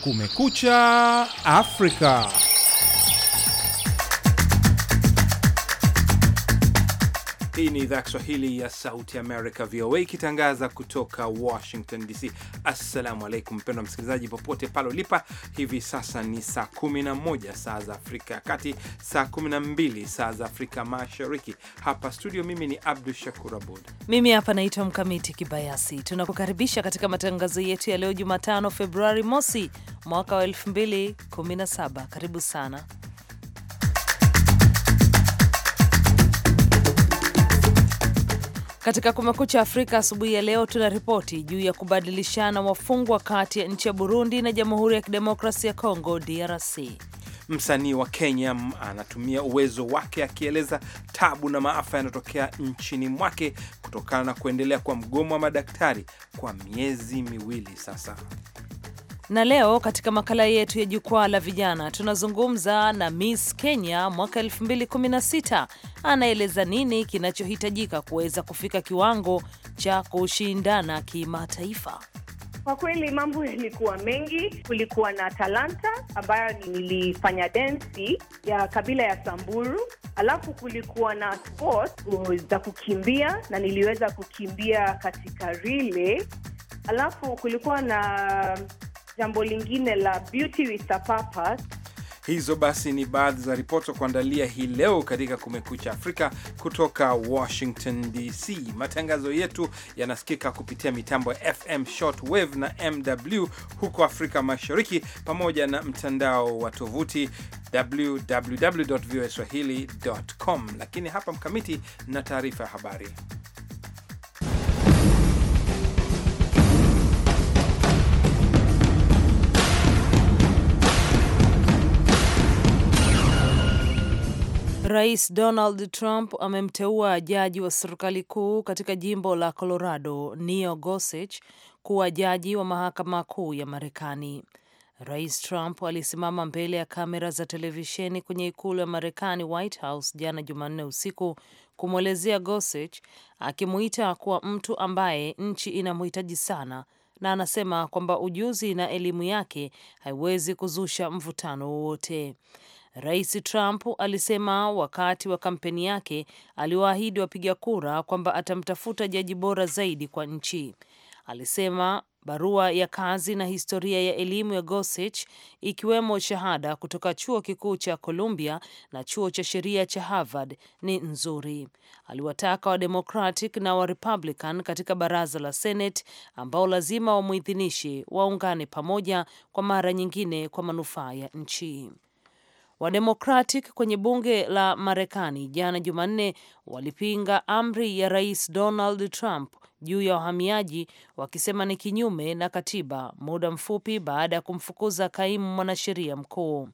Kumekucha, África. Hii ni idhaa Kiswahili ya Sauti Amerika, VOA, ikitangaza kutoka Washington DC. Assalamu alaikum, mpendwa msikilizaji, popote pale ulipa. Hivi sasa ni saa 11 saa za Afrika ya Kati, saa 12 saa za Afrika Mashariki. Hapa studio, mimi ni Abdu Shakur Abud, mimi hapa naitwa Mkamiti Kibayasi. Tunakukaribisha katika matangazo yetu ya leo Jumatano, Februari mosi mwaka wa 2017. Karibu sana Katika Kumekucha Afrika asubuhi ya leo, tuna ripoti juu ya kubadilishana wafungwa kati ya nchi ya Burundi na Jamhuri ya Kidemokrasia ya Kongo, DRC. Msanii wa Kenya anatumia uwezo wake akieleza tabu na maafa yanayotokea nchini mwake kutokana na kuendelea kwa mgomo wa madaktari kwa miezi miwili sasa. Na leo katika makala yetu ya jukwaa la vijana tunazungumza na Miss Kenya mwaka 2016. Anaeleza nini kinachohitajika kuweza kufika kiwango cha kushindana kimataifa. Kwa kweli mambo yalikuwa mengi. Kulikuwa na talanta ambayo nilifanya densi ya kabila ya Samburu, alafu kulikuwa na sport za kukimbia na niliweza kukimbia katika rile, alafu kulikuwa na jambo lingine la beauty with a purpose. Hizo basi ni baadhi za ripoti za kuandalia hii leo katika Kumekucha Afrika kutoka Washington DC. Matangazo yetu yanasikika kupitia mitambo ya FM shortwave na MW huko Afrika Mashariki, pamoja na mtandao wa tovuti www voaswahili.com. Lakini hapa Mkamiti na taarifa ya habari. Rais Donald Trump amemteua jaji wa serikali kuu katika jimbo la Colorado, Neil Gorsuch, kuwa jaji wa mahakama kuu ya Marekani. Rais Trump alisimama mbele ya kamera za televisheni kwenye ikulu ya Marekani, White House, jana Jumanne usiku kumwelezea Gorsuch, akimuita kuwa mtu ambaye nchi inamhitaji sana, na anasema kwamba ujuzi na elimu yake haiwezi kuzusha mvutano wowote. Rais Trump alisema wakati wa kampeni yake aliwaahidi wapiga kura kwamba atamtafuta jaji bora zaidi kwa nchi. Alisema barua ya kazi na historia ya elimu ya Gorsuch ikiwemo shahada kutoka chuo kikuu cha Columbia na chuo cha sheria cha Harvard ni nzuri. Aliwataka Wademokratic na Warepublican katika baraza la Senate ambao lazima wamwidhinishi waungane pamoja kwa mara nyingine kwa manufaa ya nchi. Wademokratic kwenye bunge la Marekani jana Jumanne walipinga amri ya Rais Donald Trump juu ya wahamiaji wakisema ni kinyume na katiba, muda mfupi baada ya kumfukuza kaimu mwanasheria mkuu.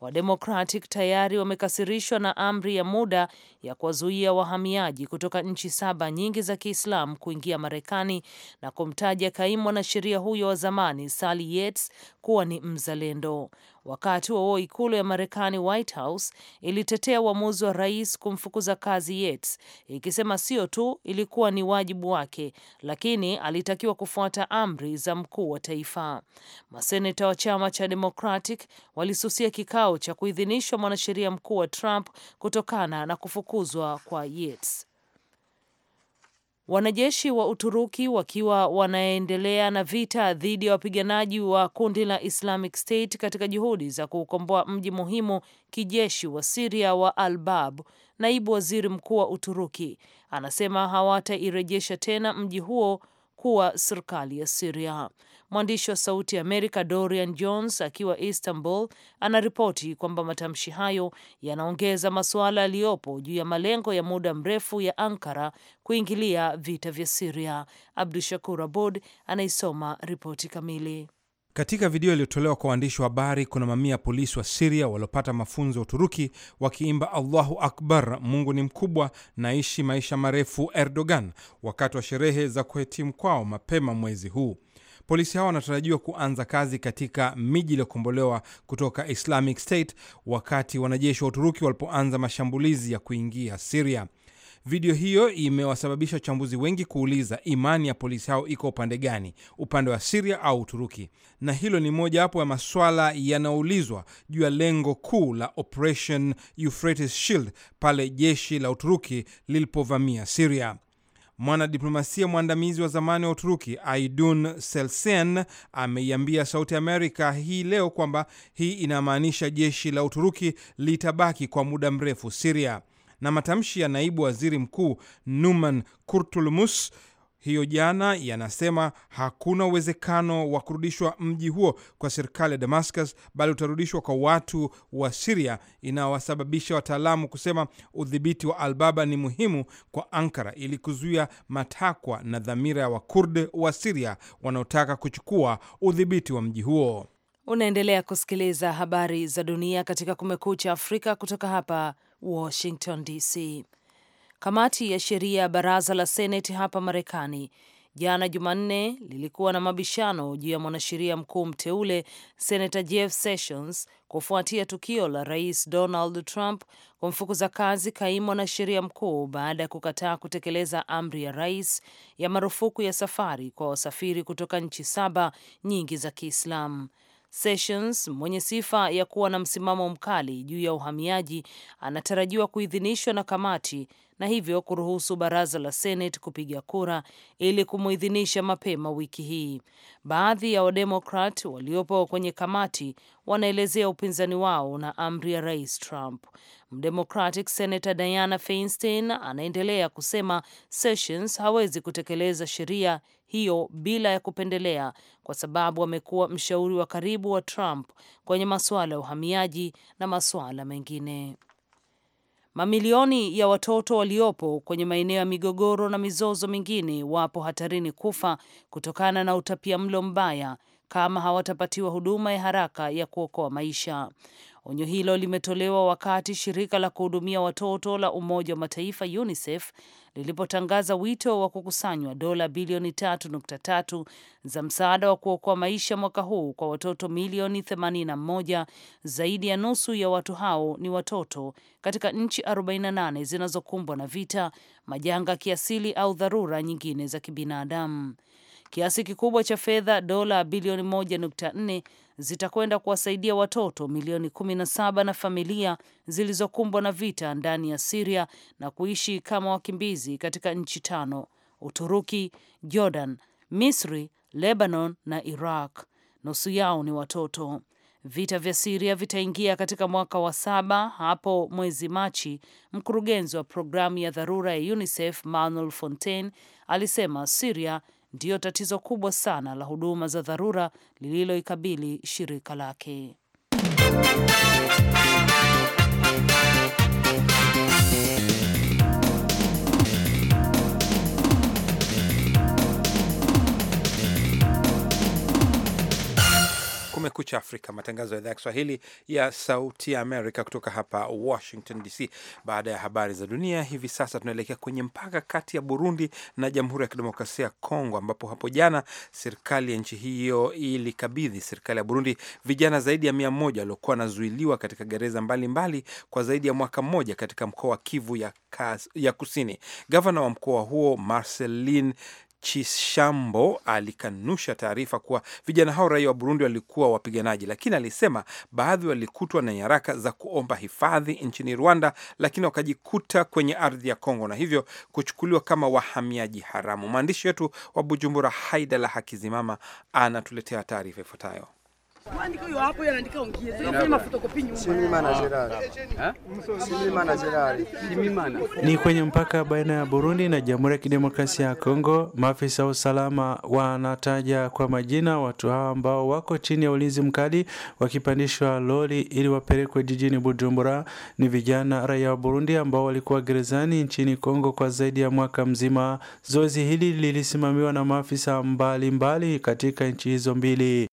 Wademokratic tayari wamekasirishwa na amri ya muda ya kuwazuia wahamiaji kutoka nchi saba nyingi za Kiislamu kuingia Marekani na kumtaja kaimu mwanasheria huyo wa zamani Sally Yates kuwa ni mzalendo. Wakati huo ikulu ya Marekani, White House, ilitetea uamuzi wa rais kumfukuza kazi Yates, ikisema sio tu ilikuwa ni wajibu wake, lakini alitakiwa kufuata amri za mkuu wa taifa. Maseneta wa chama cha Democratic walisusia kikao cha kuidhinishwa mwanasheria mkuu wa Trump kutokana na kufukuzwa kwa Yates. Wanajeshi wa Uturuki wakiwa wanaendelea na vita dhidi ya wapiganaji wa kundi la Islamic State katika juhudi za kuukomboa mji muhimu kijeshi wa Siria wa Albab. Naibu waziri mkuu wa Uturuki anasema hawatairejesha tena mji huo kuwa serikali ya Siria. Mwandishi wa Sauti ya Amerika Dorian Jones akiwa Istanbul anaripoti kwamba matamshi hayo yanaongeza masuala yaliyopo juu ya malengo ya muda mrefu ya Ankara kuingilia vita vya Siria. Abdu Shakur Abud anaisoma ripoti kamili. Katika video iliyotolewa kwa waandishi wa habari kuna mamia ya polisi wa Siria waliopata mafunzo ya Uturuki wakiimba Allahu akbar, Mungu ni mkubwa, naishi maisha marefu Erdogan, wakati wa sherehe za kuhitimu kwao mapema mwezi huu. Polisi hawa wanatarajiwa kuanza kazi katika miji iliyokombolewa kutoka Islamic State wakati wanajeshi wa Uturuki walipoanza mashambulizi ya kuingia Siria. Video hiyo imewasababisha wachambuzi wengi kuuliza imani ya polisi hao iko upande gani, upande wa Siria au Uturuki? Na hilo ni mojawapo ya maswala yanayoulizwa juu ya lengo kuu la Operation Euphrates Shield pale jeshi la Uturuki lilipovamia Siria. Mwanadiplomasia mwandamizi wa zamani wa Uturuki Aidun Selsen ameiambia Sauti Amerika hii leo kwamba hii inamaanisha jeshi la Uturuki litabaki kwa muda mrefu Siria na matamshi ya naibu waziri mkuu Numan Kurtulmus hiyo jana yanasema hakuna uwezekano wa kurudishwa mji huo kwa serikali ya Damascus, bali utarudishwa kwa watu wa Siria, inawasababisha wataalamu kusema udhibiti wa Albaba ni muhimu kwa Ankara ili kuzuia matakwa na dhamira ya Wakurd wa Siria wanaotaka kuchukua udhibiti wa mji huo. Unaendelea kusikiliza habari za dunia katika Kumekucha Afrika kutoka hapa Washington DC. Kamati ya sheria ya baraza la Seneti hapa Marekani jana Jumanne lilikuwa na mabishano juu ya mwanasheria mkuu mteule Senata Jeff Sessions kufuatia tukio la Rais Donald Trump kumfukuza kazi kaimu mwanasheria mkuu baada ya kukataa kutekeleza amri ya rais ya marufuku ya safari kwa wasafiri kutoka nchi saba nyingi za Kiislamu. Sessions mwenye sifa ya kuwa na msimamo mkali juu ya uhamiaji anatarajiwa kuidhinishwa na kamati na hivyo kuruhusu baraza la Senate kupiga kura ili kumuidhinisha mapema wiki hii. Baadhi ya Wademokrat waliopo kwenye kamati wanaelezea upinzani wao na amri ya Rais Trump. Mdemocratic Senator Diana Feinstein anaendelea kusema Sessions hawezi kutekeleza sheria hiyo bila ya kupendelea, kwa sababu amekuwa mshauri wa karibu wa Trump kwenye masuala ya uhamiaji na masuala mengine. Mamilioni ya watoto waliopo kwenye maeneo ya migogoro na mizozo mingine wapo hatarini kufa kutokana na utapia mlo mbaya kama hawatapatiwa huduma ya haraka ya kuokoa maisha. Onyo hilo limetolewa wakati shirika la kuhudumia watoto la Umoja wa Mataifa UNICEF lilipotangaza wito wa kukusanywa dola bilioni 3.3 za msaada wa kuokoa maisha mwaka huu kwa watoto milioni 81. Zaidi ya nusu ya watu hao ni watoto katika nchi 48 zinazokumbwa na vita, majanga ya kiasili au dharura nyingine za kibinadamu. Kiasi kikubwa cha fedha dola bilioni 1.4 zitakwenda kuwasaidia watoto milioni 17 na familia zilizokumbwa na vita ndani ya Siria na kuishi kama wakimbizi katika nchi tano: Uturuki, Jordan, Misri, Lebanon na Iraq. Nusu yao ni watoto. Vita vya Siria vitaingia katika mwaka wa saba hapo mwezi Machi. Mkurugenzi wa programu ya dharura ya UNICEF Manuel Fontaine alisema Siria ndiyo tatizo kubwa sana la huduma za dharura lililoikabili shirika lake. kumekucha afrika matangazo ya idhaa ya kiswahili ya sauti ya amerika kutoka hapa washington dc baada ya habari za dunia hivi sasa tunaelekea kwenye mpaka kati ya burundi na jamhuri ya kidemokrasia ya kongo ambapo hapo jana serikali ya nchi hiyo ilikabidhi serikali ya burundi vijana zaidi ya mia moja waliokuwa wanazuiliwa katika gereza mbalimbali mbali kwa zaidi ya mwaka mmoja katika mkoa wa kivu ya, kas, ya kusini gavana wa mkoa huo marcelin Chishambo alikanusha taarifa kuwa vijana hao raia wa Burundi walikuwa wapiganaji, lakini alisema baadhi walikutwa na nyaraka za kuomba hifadhi nchini Rwanda, lakini wakajikuta kwenye ardhi ya Kongo na hivyo kuchukuliwa kama wahamiaji haramu. Mwandishi wetu wa Bujumbura, haida la Hakizimama, anatuletea taarifa ifuatayo. Ni kwenye mpaka baina ya Burundi na Jamhuri ya Kidemokrasia ya Kongo, maafisa wa usalama wanataja kwa majina watu hao ambao wako chini ya ulinzi mkali wakipandishwa lori ili wapelekwe jijini Bujumbura. Ni vijana raia wa Burundi ambao walikuwa gerezani nchini Kongo kwa zaidi ya mwaka mzima. Zoezi hili lilisimamiwa na maafisa mbalimbali mbali katika nchi hizo mbili.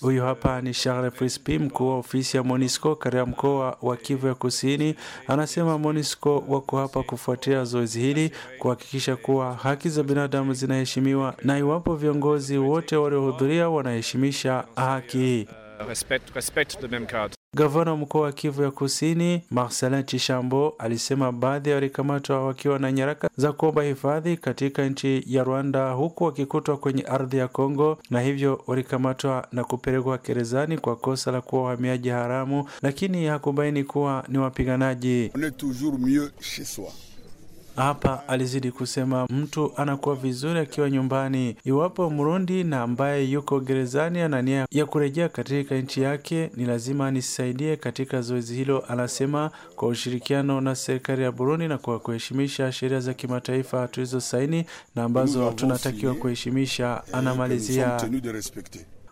Huyu hapa ni Charles Frispi, mkuu wa ofisi ya MONUSCO katika mkoa wa Kivu ya Kusini. Anasema MONUSCO wako hapa kufuatia zoezi hili, kuhakikisha kuwa haki za binadamu zinaheshimiwa na iwapo viongozi wote waliohudhuria wanaheshimisha haki hii. Uh, Gavana wa mkoa wa Kivu ya Kusini Marcelin Chishambo alisema baadhi ya walikamatwa wakiwa na nyaraka za kuomba hifadhi katika nchi ya Rwanda, huku wakikutwa kwenye ardhi ya Kongo, na hivyo walikamatwa na kupelekwa gerezani kwa kosa la kuwa wahamiaji haramu, lakini hakubaini kuwa ni wapiganaji. On est toujours mieux chez soi. Hapa alizidi kusema mtu anakuwa vizuri akiwa nyumbani. Iwapo Mrundi na ambaye yuko gerezani ana nia ya kurejea katika nchi yake, ni lazima nisaidie katika zoezi hilo, anasema kwa ushirikiano na serikali ya Burundi na kwa kuheshimisha sheria za kimataifa tulizosaini na ambazo tunatakiwa kuheshimisha, anamalizia.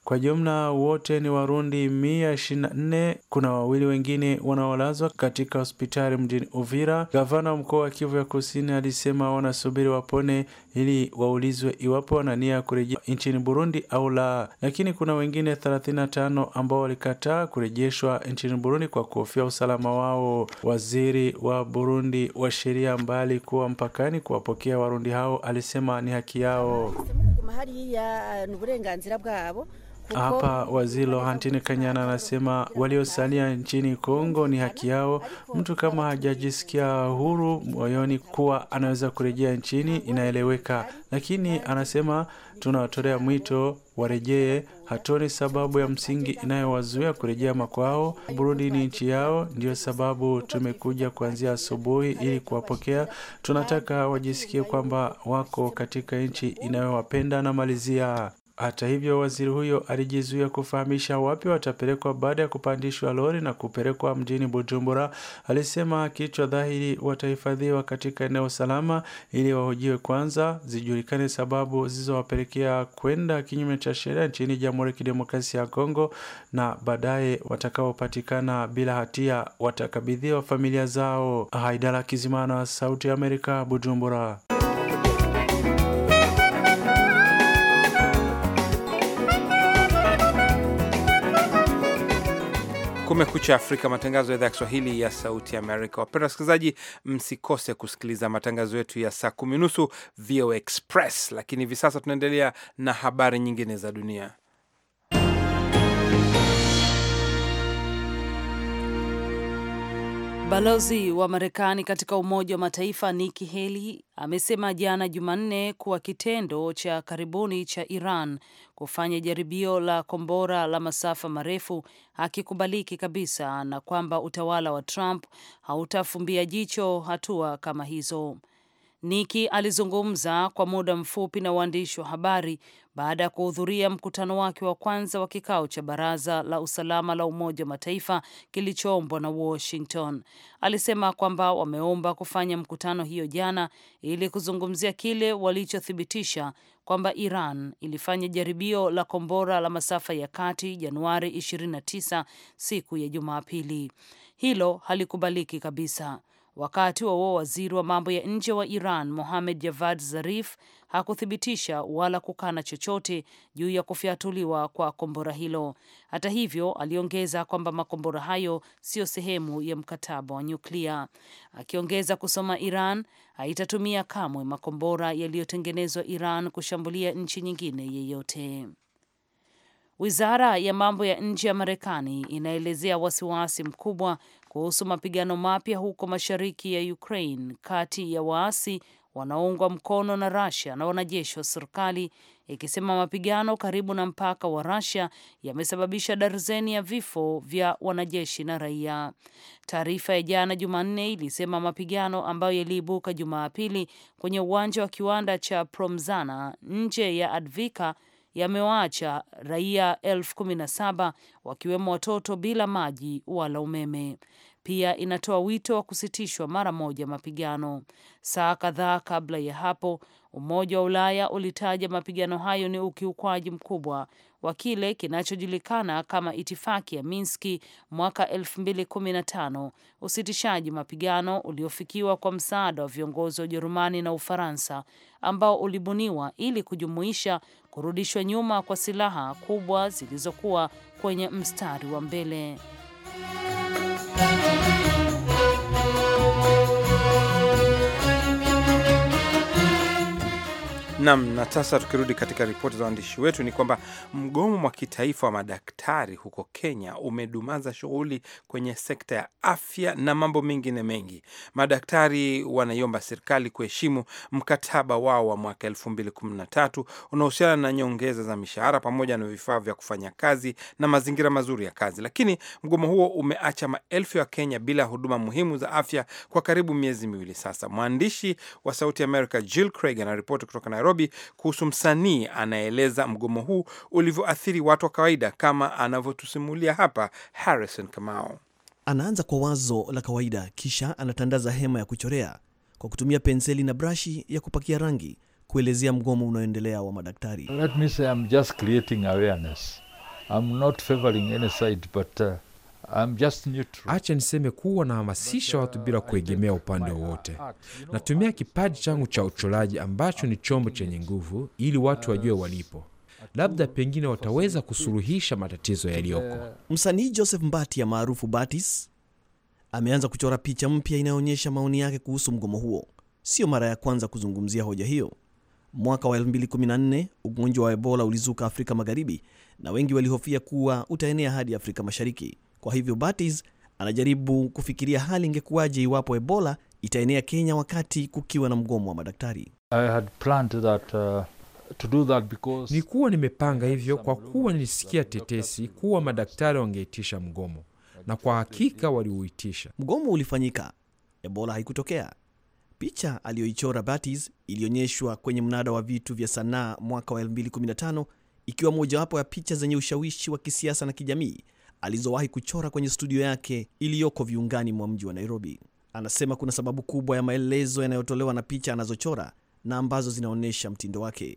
Kwa jumla wote ni Warundi mia nne Kuna wawili wengine wanaolazwa katika hospitali mjini Uvira. Gavana wa mkoa wa Kivu ya Kusini alisema wanasubiri wapone ili waulizwe iwapo wana nia ya kurejea nchini Burundi au la, lakini kuna wengine thelathini na tano ambao walikataa kurejeshwa nchini Burundi kwa kuhofia usalama wao. Waziri wa Burundi wa sheria mbali kuwa mpakani kuwapokea Warundi hao alisema ni haki yao. Hapa waziri lohantini Kanyana anasema waliosalia nchini Kongo ni haki yao. Mtu kama hajajisikia huru moyoni kuwa anaweza kurejea nchini inaeleweka, lakini anasema tunawatolea mwito warejee. Hatoni sababu ya msingi inayowazuia kurejea makwao. Burundi ni nchi yao, ndiyo sababu tumekuja kuanzia asubuhi ili kuwapokea. Tunataka wajisikie kwamba wako katika nchi inayowapenda. na malizia hata hivyo waziri huyo alijizuia kufahamisha wapi watapelekwa baada ya kupandishwa lori na kupelekwa mjini Bujumbura. Alisema kichwa dhahiri watahifadhiwa katika eneo salama ili wahojiwe kwanza, zijulikane sababu zilizowapelekea kwenda kinyume cha sheria nchini Jamhuri ya Kidemokrasia ya Kongo, na baadaye watakaopatikana bila hatia watakabidhiwa familia zao. Haidara Kizimana, Sauti ya Amerika, Bujumbura. Kumekucha Afrika, matangazo ya idhaa ya Kiswahili ya Sauti Amerika. Wapenda wasikilizaji, msikose kusikiliza matangazo yetu ya saa kumi nusu VOA Express, lakini hivi sasa tunaendelea na habari nyingine za dunia. Balozi wa Marekani katika Umoja wa Mataifa Nikki Haley amesema jana Jumanne kuwa kitendo cha karibuni cha Iran kufanya jaribio la kombora la masafa marefu hakikubaliki kabisa na kwamba utawala wa Trump hautafumbia jicho hatua kama hizo. Niki alizungumza kwa muda mfupi na waandishi wa habari baada ya kuhudhuria mkutano wake wa kwanza wa kikao cha Baraza la Usalama la Umoja wa Mataifa kilichoombwa na Washington. Alisema kwamba wameomba kufanya mkutano hiyo jana ili kuzungumzia kile walichothibitisha kwamba Iran ilifanya jaribio la kombora la masafa ya kati Januari 29 siku ya Jumapili. Hilo halikubaliki kabisa. Wakati wa huo waziri wa mambo ya nje wa Iran Mohamed Javad Zarif hakuthibitisha wala kukana chochote juu ya kufyatuliwa kwa kombora hilo. Hata hivyo, aliongeza kwamba makombora hayo siyo sehemu ya mkataba wa nyuklia, akiongeza kusoma Iran haitatumia kamwe makombora yaliyotengenezwa Iran kushambulia nchi nyingine yeyote. Wizara ya mambo ya nje ya Marekani inaelezea wasiwasi mkubwa kuhusu mapigano mapya huko mashariki ya Ukraine kati ya waasi wanaoungwa mkono na Russia na wanajeshi wa serikali, ikisema mapigano karibu na mpaka wa Russia yamesababisha darzeni ya vifo vya wanajeshi na raia. Taarifa ya jana Jumanne ilisema mapigano ambayo yaliibuka Jumapili kwenye uwanja wa kiwanda cha Promzana nje ya Advika yamewaacha raia elfu kumi na saba wakiwemo watoto bila maji wala umeme. Pia inatoa wito wa kusitishwa mara moja mapigano. Saa kadhaa kabla ya hapo, Umoja wa Ulaya ulitaja mapigano hayo ni ukiukwaji mkubwa wa kile kinachojulikana kama itifaki ya Minski mwaka 2015, usitishaji mapigano uliofikiwa kwa msaada wa viongozi wa Ujerumani na Ufaransa ambao ulibuniwa ili kujumuisha kurudishwa nyuma kwa silaha kubwa zilizokuwa kwenye mstari wa mbele. Nam. Na sasa tukirudi katika ripoti za waandishi wetu, ni kwamba mgomo wa kitaifa wa madaktari huko Kenya umedumaza shughuli kwenye sekta ya afya na mambo mengine mengi. Madaktari wanaiomba serikali kuheshimu mkataba wao wa mwaka elfu mbili kumi na tatu unaohusiana na nyongeza za mishahara pamoja na vifaa vya kufanya kazi na mazingira mazuri ya kazi, lakini mgomo huo umeacha maelfu ya Kenya bila huduma muhimu za afya kwa karibu miezi miwili sasa. Mwandishi wa Sauti America Jill Craig anaripoti kutoka na Nairobi kuhusu msanii anaeleza mgomo huu ulivyoathiri watu wa kawaida, kama anavyotusimulia hapa Harrison Kamao. Anaanza kwa wazo la kawaida, kisha anatandaza hema ya kuchorea kwa kutumia penseli na brashi ya kupakia rangi kuelezea mgomo unaoendelea wa madaktari. Let me say I'm just creating awareness. I'm not favoring any side but uh... Acha niseme kuwa nahamasisha watu bila kuegemea upande wowote. Natumia kipaji changu cha uchoraji ambacho ni chombo chenye nguvu, ili watu wajue walipo, labda pengine wataweza kusuluhisha matatizo yaliyoko. Msanii Joseph Mbatia maarufu Batis ameanza kuchora picha mpya inayoonyesha maoni yake kuhusu mgomo huo. Sio mara ya kwanza kuzungumzia hoja hiyo. Mwaka wa 2014 ugonjwa wa Ebola ulizuka Afrika Magharibi na wengi walihofia kuwa utaenea hadi Afrika Mashariki. Kwa hivyo Batis anajaribu kufikiria hali ingekuwaje iwapo Ebola itaenea Kenya wakati kukiwa na mgomo wa madaktari. I had that, uh, nimepanga hivyo kwa kuwa nilisikia tetesi kuwa madaktari wangeitisha mgomo, na kwa hakika waliuitisha. Mgomo ulifanyika, Ebola haikutokea. Picha aliyoichora Batis ilionyeshwa kwenye mnada wa vitu vya sanaa mwaka wa 215 ikiwa mojawapo ya picha zenye ushawishi wa kisiasa na kijamii alizowahi kuchora kwenye studio yake iliyoko viungani mwa mji wa Nairobi. Anasema kuna sababu kubwa ya maelezo yanayotolewa na picha anazochora na ambazo zinaonyesha mtindo wake.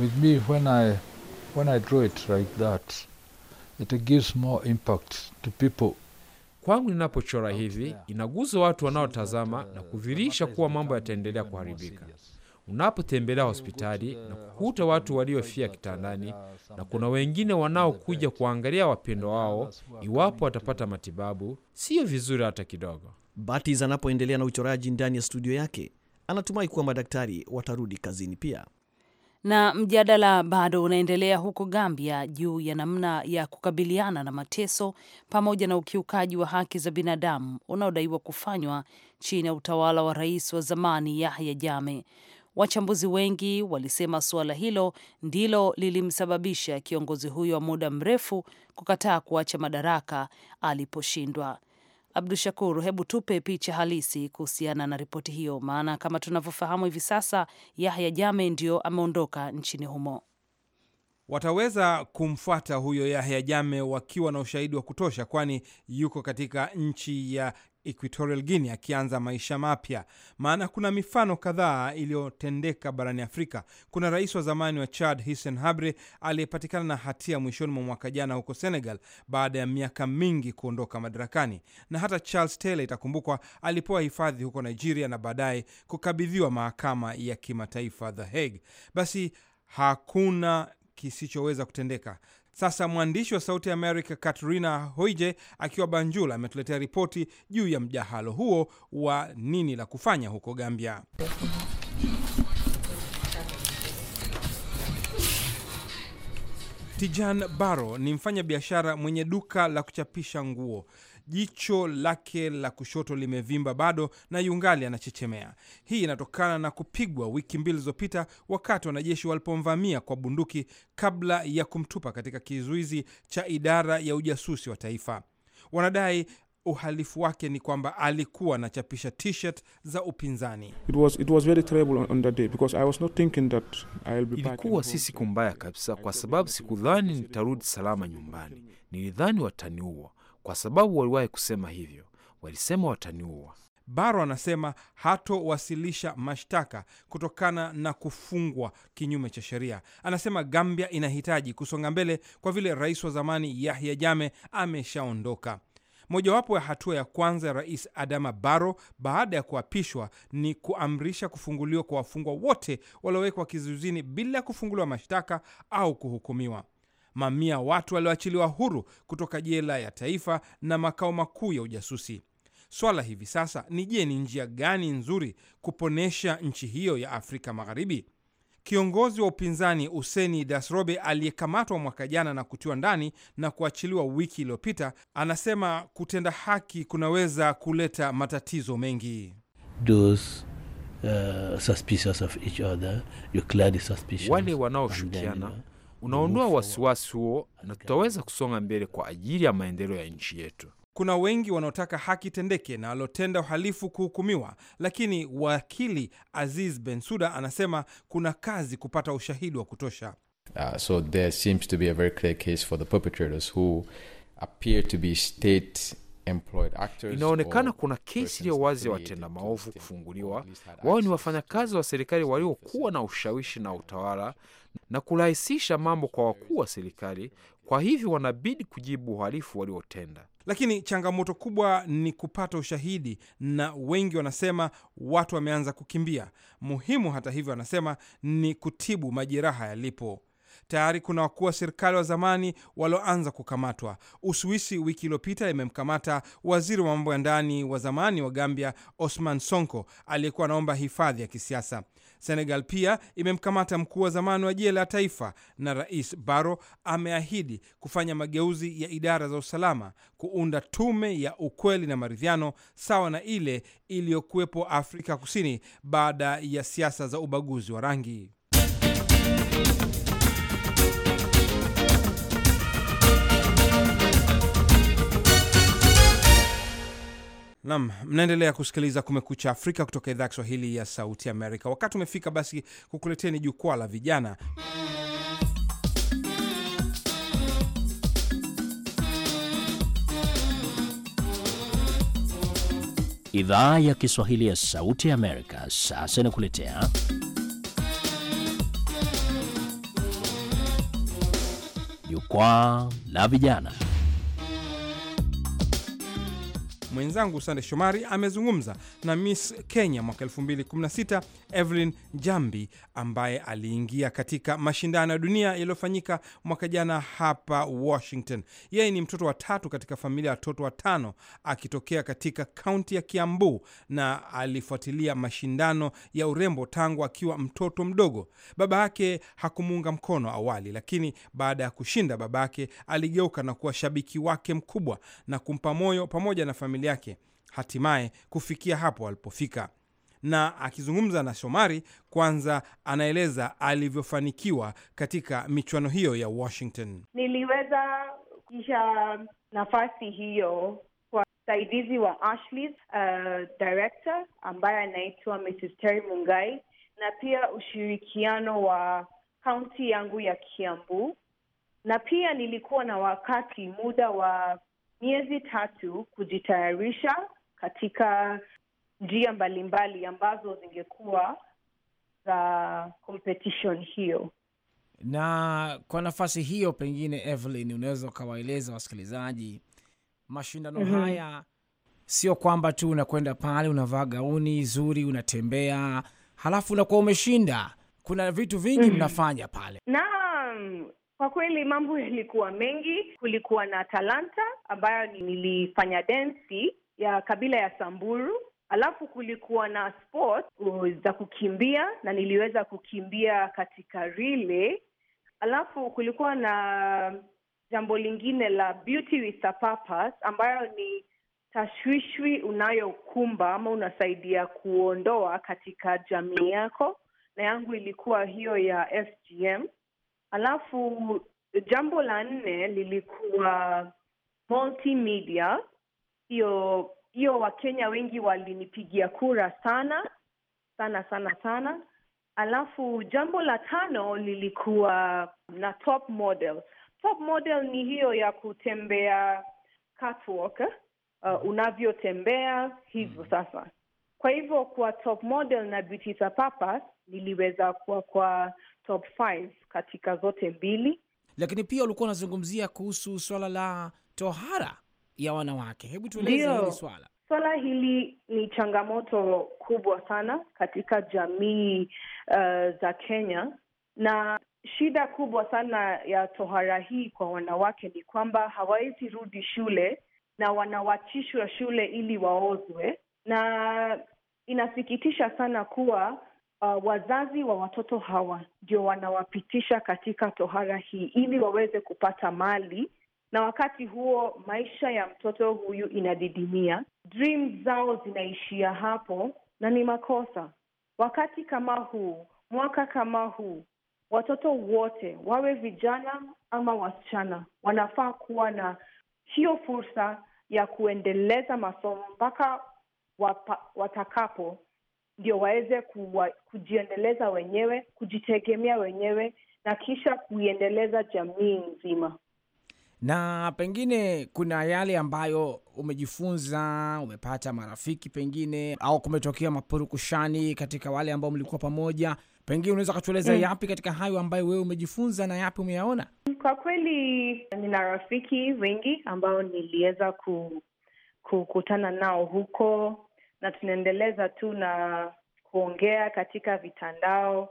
With me, when I, when I draw it like that, it gives more impact to people Kwangu ninapochora hivi inaguza watu wanaotazama na kudhirisha kuwa mambo yataendelea kuharibika. Unapotembelea hospitali na kukuta watu waliofia kitandani, na kuna wengine wanaokuja kuangalia wapendwa wao iwapo watapata matibabu, siyo vizuri hata kidogo. Batis anapoendelea na uchoraji ndani ya studio yake, anatumai kuwa madaktari watarudi kazini pia. Na mjadala bado unaendelea huko Gambia juu ya namna ya kukabiliana na mateso pamoja na ukiukaji wa haki za binadamu unaodaiwa kufanywa chini ya utawala wa rais wa zamani Yahya Jammeh. Wachambuzi wengi walisema suala hilo ndilo lilimsababisha kiongozi huyo wa muda mrefu kukataa kuacha madaraka aliposhindwa. Abdu Shakur, hebu tupe picha halisi kuhusiana na ripoti hiyo, maana kama tunavyofahamu hivi sasa Yahya jame ndio ameondoka nchini humo wataweza kumfuata huyo Yahya Jame wakiwa na ushahidi wa kutosha, kwani yuko katika nchi ya Equatorial Guinea akianza maisha mapya. Maana kuna mifano kadhaa iliyotendeka barani Afrika. Kuna rais wa zamani wa Chad Hissen Habre aliyepatikana na hatia mwishoni mwa mwaka jana huko Senegal baada ya miaka mingi kuondoka madarakani, na hata Charles Taylor itakumbukwa, alipewa hifadhi huko Nigeria na baadaye kukabidhiwa mahakama ya kimataifa The Hague. Basi hakuna kisichoweza kutendeka. Sasa mwandishi wa Sauti ya Amerika Katrina Hoije akiwa Banjul ametuletea ripoti juu ya mjahalo huo wa nini la kufanya huko Gambia. Tijan Baro ni mfanya biashara mwenye duka la kuchapisha nguo jicho lake la kushoto limevimba bado na yungali anachechemea. Hii inatokana na kupigwa wiki mbili zilizopita, wakati wanajeshi walipomvamia kwa bunduki kabla ya kumtupa katika kizuizi cha idara ya ujasusi wa taifa. Wanadai uhalifu wake ni kwamba alikuwa anachapisha t-shirt za upinzani. Ilikuwa si siku mbaya kabisa, kwa sababu sikudhani nitarudi salama nyumbani. Nilidhani wataniua kwa sababu waliwahi kusema hivyo, walisema wataniua. Baro anasema hatowasilisha mashtaka kutokana na kufungwa kinyume cha sheria. Anasema Gambia inahitaji kusonga mbele kwa vile rais wa zamani Yahya Jammeh ameshaondoka. Mojawapo ya hatua ya kwanza ya Rais Adama Barrow baada ya kuapishwa ni kuamrisha kufunguliwa kwa wafungwa wote waliowekwa kizuizini bila kufunguliwa mashtaka au kuhukumiwa mamia watu walioachiliwa huru kutoka jela ya taifa na makao makuu ya ujasusi. Swala hivi sasa ni je, ni njia gani nzuri kuponesha nchi hiyo ya Afrika Magharibi? Kiongozi wa upinzani Useni Dasrobe aliyekamatwa mwaka jana na kutiwa ndani na kuachiliwa wiki iliyopita anasema kutenda haki kunaweza kuleta matatizo mengi. Those, uh, suspicious of each other, you wale wanaoshukiana unaondoa wasiwasi huo na tutaweza kusonga mbele kwa ajili ya maendeleo ya nchi yetu. Kuna wengi wanaotaka haki tendeke na alotenda uhalifu kuhukumiwa, lakini wakili Aziz Bensuda anasema kuna kazi kupata ushahidi wa kutosha. Uh, so there seems to be a very clear case for the perpetrators who appear to be state Inaonekana kuna kesi iliyo wazi ya watenda maovu kufunguliwa. Wao ni wafanyakazi wa serikali waliokuwa na ushawishi na utawala na kurahisisha mambo kwa wakuu wa serikali, kwa hivyo wanabidi kujibu uhalifu waliotenda. Lakini changamoto kubwa ni kupata ushahidi, na wengi wanasema watu wameanza kukimbia. Muhimu hata hivyo, wanasema ni kutibu majeraha yalipo. Tayari kuna wakuu wa serikali wa zamani walioanza kukamatwa. Uswisi wiki iliyopita imemkamata waziri wa mambo ya ndani wa zamani wa Gambia, Osman Sonko, aliyekuwa anaomba hifadhi ya kisiasa. Senegal pia imemkamata mkuu wa zamani wa jela ya taifa, na Rais baro ameahidi kufanya mageuzi ya idara za usalama, kuunda tume ya ukweli na maridhiano sawa na ile iliyokuwepo Afrika Kusini baada ya siasa za ubaguzi wa rangi. Nam, mnaendelea kusikiliza Kumekucha Afrika kutoka idhaa ya Kiswahili ya Sauti Amerika. Wakati umefika basi kukuleteni jukwaa la vijana. Idhaa ya Kiswahili ya Sauti Amerika sasa inakuletea jukwaa la vijana. Mwenzangu Sande Shomari amezungumza na Miss Kenya mwaka 2016 Evelyn Jambi ambaye aliingia katika mashindano ya dunia yaliyofanyika mwaka jana hapa Washington. Yeye ni mtoto wa tatu katika familia ya watoto watano akitokea katika kaunti ya Kiambu na alifuatilia mashindano ya urembo tangu akiwa mtoto mdogo. Baba yake hakumuunga mkono awali, lakini baada ya kushinda, baba yake aligeuka na kuwa shabiki wake mkubwa na kumpa moyo pamoja na familia yake hatimaye kufikia hapo alipofika na akizungumza na Shomari kwanza anaeleza alivyofanikiwa katika michuano hiyo ya Washington. Niliweza kisha nafasi hiyo kwa msaidizi wa Ashley, uh, director ambaye anaitwa Mrs. Terry Mungai na pia ushirikiano wa kaunti yangu ya Kiambu, na pia nilikuwa na wakati muda wa miezi tatu kujitayarisha katika njia mbalimbali ambazo zingekuwa za competition hiyo. Na kwa nafasi hiyo, pengine Evelyn, unaweza ukawaeleza wasikilizaji mashindano mm -hmm. haya sio kwamba tu unakwenda pale unavaa gauni zuri unatembea halafu unakuwa umeshinda. Kuna vitu vingi mm -hmm. mnafanya pale. Naam, kwa kweli mambo yalikuwa mengi. Kulikuwa na talanta ambayo nilifanya densi ya kabila ya Samburu Alafu kulikuwa na sport za kukimbia na niliweza kukimbia katika rile Alafu kulikuwa na jambo lingine la beauty with a purpose, ambayo ni tashwishwi unayokumba ama unasaidia kuondoa katika jamii yako, na yangu ilikuwa hiyo ya FGM. Alafu jambo la nne lilikuwa multimedia, hiyo hiyo Wakenya wengi walinipigia kura sana sana sana sana. Alafu jambo la tano lilikuwa na top model. Top model ni hiyo ya kutembea catwalk, eh, uh, unavyotembea hivyo mm-hmm. sasa. Kwa hivyo kwa top model na beauty papa niliweza kuwa kwa top katika zote mbili, lakini pia ulikuwa unazungumzia kuhusu swala la tohara ya wanawake. Hebu tueleze hili swala. Swala hili ni changamoto kubwa sana katika jamii uh, za Kenya, na shida kubwa sana ya tohara hii kwa wanawake ni kwamba hawawezi rudi shule na wanawachishwa shule ili waozwe, na inasikitisha sana kuwa uh, wazazi wa watoto hawa ndio wanawapitisha katika tohara hii ili waweze kupata mali na wakati huo maisha ya mtoto huyu inadidimia, dream zao zinaishia hapo, na ni makosa. Wakati kama huu, mwaka kama huu, watoto wote wawe vijana ama wasichana, wanafaa kuwa na hiyo fursa ya kuendeleza masomo mpaka watakapo, ndio waweze kujiendeleza wenyewe, kujitegemea wenyewe na kisha kuiendeleza jamii nzima na pengine kuna yale ambayo umejifunza, umepata marafiki pengine, au kumetokea mapurukushani katika wale ambao mlikuwa pamoja, pengine unaweza ukatueleza mm, yapi katika hayo ambayo wewe umejifunza na yapi umeyaona? Kwa kweli nina rafiki wengi ambao niliweza ku, kukutana nao huko na tunaendeleza tu na kuongea katika vitandao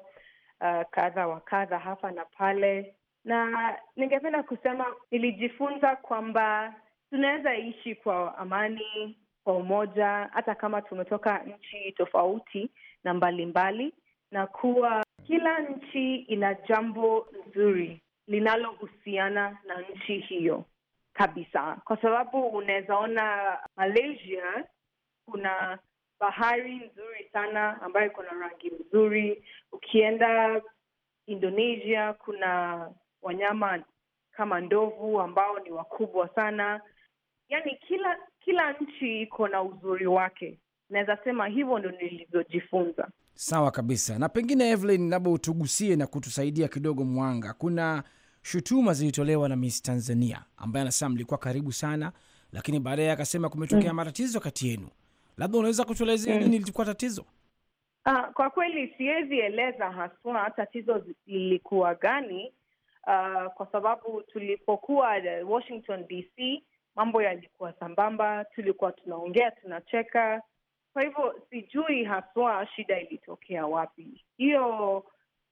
uh, kadha wa kadha hapa na pale na ningependa kusema nilijifunza kwamba tunaweza ishi kwa amani, kwa umoja, hata kama tumetoka nchi tofauti na mbalimbali mbali, na kuwa kila nchi ina jambo nzuri linalohusiana na nchi hiyo kabisa, kwa sababu unawezaona Malaysia kuna bahari nzuri sana ambayo iko na rangi nzuri. Ukienda Indonesia kuna wanyama kama ndovu ambao ni wakubwa sana. Yaani kila kila nchi iko na uzuri wake, naweza sema hivyo ndo nilivyojifunza. Sawa kabisa. Na pengine Evelyn, labda utugusie na kutusaidia kidogo mwanga. Kuna shutuma zilitolewa na Miss Tanzania ambaye anasema mlikuwa karibu sana, lakini baadaye akasema kumetokea mm. matatizo kati yenu, labda unaweza kutuelezea mm. nini ilikuwa tatizo? Ah, kwa kweli siwezi eleza haswa tatizo ilikuwa gani, uh, kwa sababu tulipokuwa Washington DC mambo yalikuwa sambamba, tulikuwa tunaongea tunacheka. Kwa hivyo sijui haswa shida ilitokea wapi. Hiyo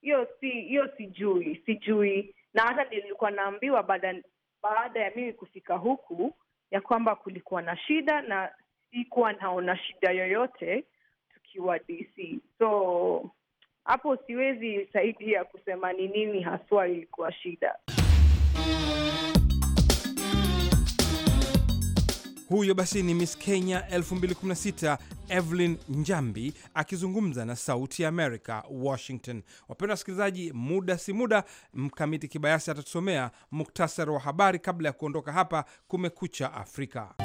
hiyo si hiyo, sijui sijui, na hata nilikuwa naambiwa baada baada ya mimi kufika huku ya kwamba kulikuwa na shida, na sikuwa naona shida yoyote tukiwa DC so hapo siwezi zaidi ya kusema ni nini haswa ilikuwa shida. Huyo basi ni Miss Kenya 2016 Evelyn Njambi akizungumza na Sauti ya america Washington. Wapendwa wasikilizaji, muda si muda Mkamiti Kibayasi atatusomea muktasari wa habari kabla ya kuondoka hapa. Kumekucha Afrika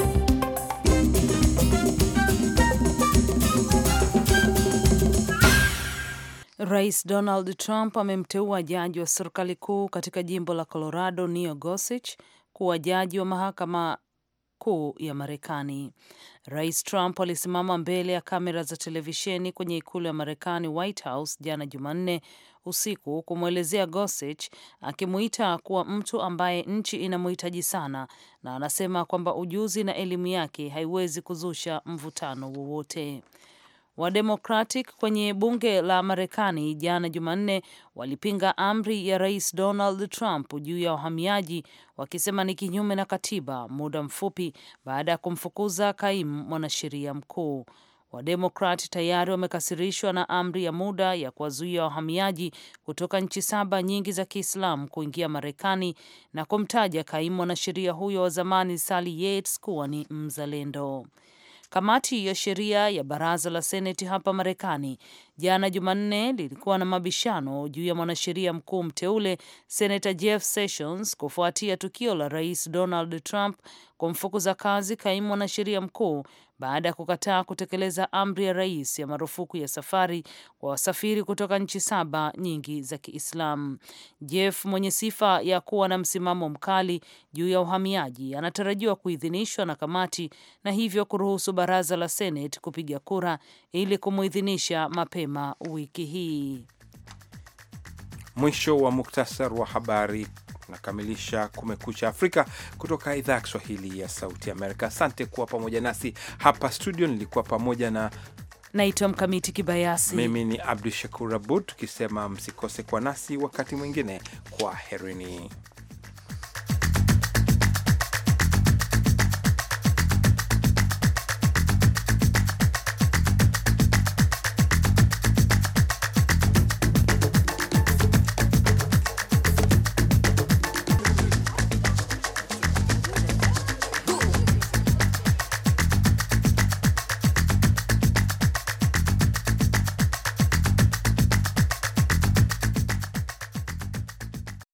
Rais Donald Trump amemteua jaji wa serikali kuu katika jimbo la Colorado, Neil Gorsuch, kuwa jaji wa mahakama kuu ya Marekani. Rais Trump alisimama mbele ya kamera za televisheni kwenye ikulu ya Marekani, White House, jana Jumanne usiku kumwelezea Gorsuch, akimuita kuwa mtu ambaye nchi inamhitaji sana, na anasema kwamba ujuzi na elimu yake haiwezi kuzusha mvutano wowote. Wademokratic kwenye bunge la Marekani jana Jumanne walipinga amri ya Rais Donald Trump juu ya wahamiaji wakisema ni kinyume na katiba, muda mfupi baada ya kumfukuza kaimu mwanasheria mkuu. Wademokrat tayari wamekasirishwa na amri ya muda ya kuwazuia wahamiaji kutoka nchi saba nyingi za Kiislamu kuingia Marekani na kumtaja kaimu mwanasheria huyo wa zamani Sally Yates kuwa ni mzalendo. Kamati ya sheria ya baraza la Seneti hapa Marekani jana Jumanne lilikuwa na mabishano juu ya mwanasheria mkuu mteule Senata Jeff Sessions kufuatia tukio la Rais Donald Trump kumfukuza kazi kaimu mwanasheria mkuu baada ya kukataa kutekeleza amri ya rais ya marufuku ya safari kwa wasafiri kutoka nchi saba nyingi za Kiislamu. Jeff mwenye sifa ya kuwa na msimamo mkali juu ya uhamiaji anatarajiwa kuidhinishwa na kamati na hivyo kuruhusu baraza la senet kupiga kura ili kumuidhinisha mapema wiki hii. Mwisho wa muktasar wa habari tunakamilisha Kumekucha Afrika kutoka idhaa ya Kiswahili ya Sauti Amerika. Asante kuwa pamoja nasi hapa studio, nilikuwa pamoja na naitwa Mkamiti Kibayasi, mimi ni Abdu Shakur Abud, tukisema msikose kwa nasi wakati mwingine. Kwa herini.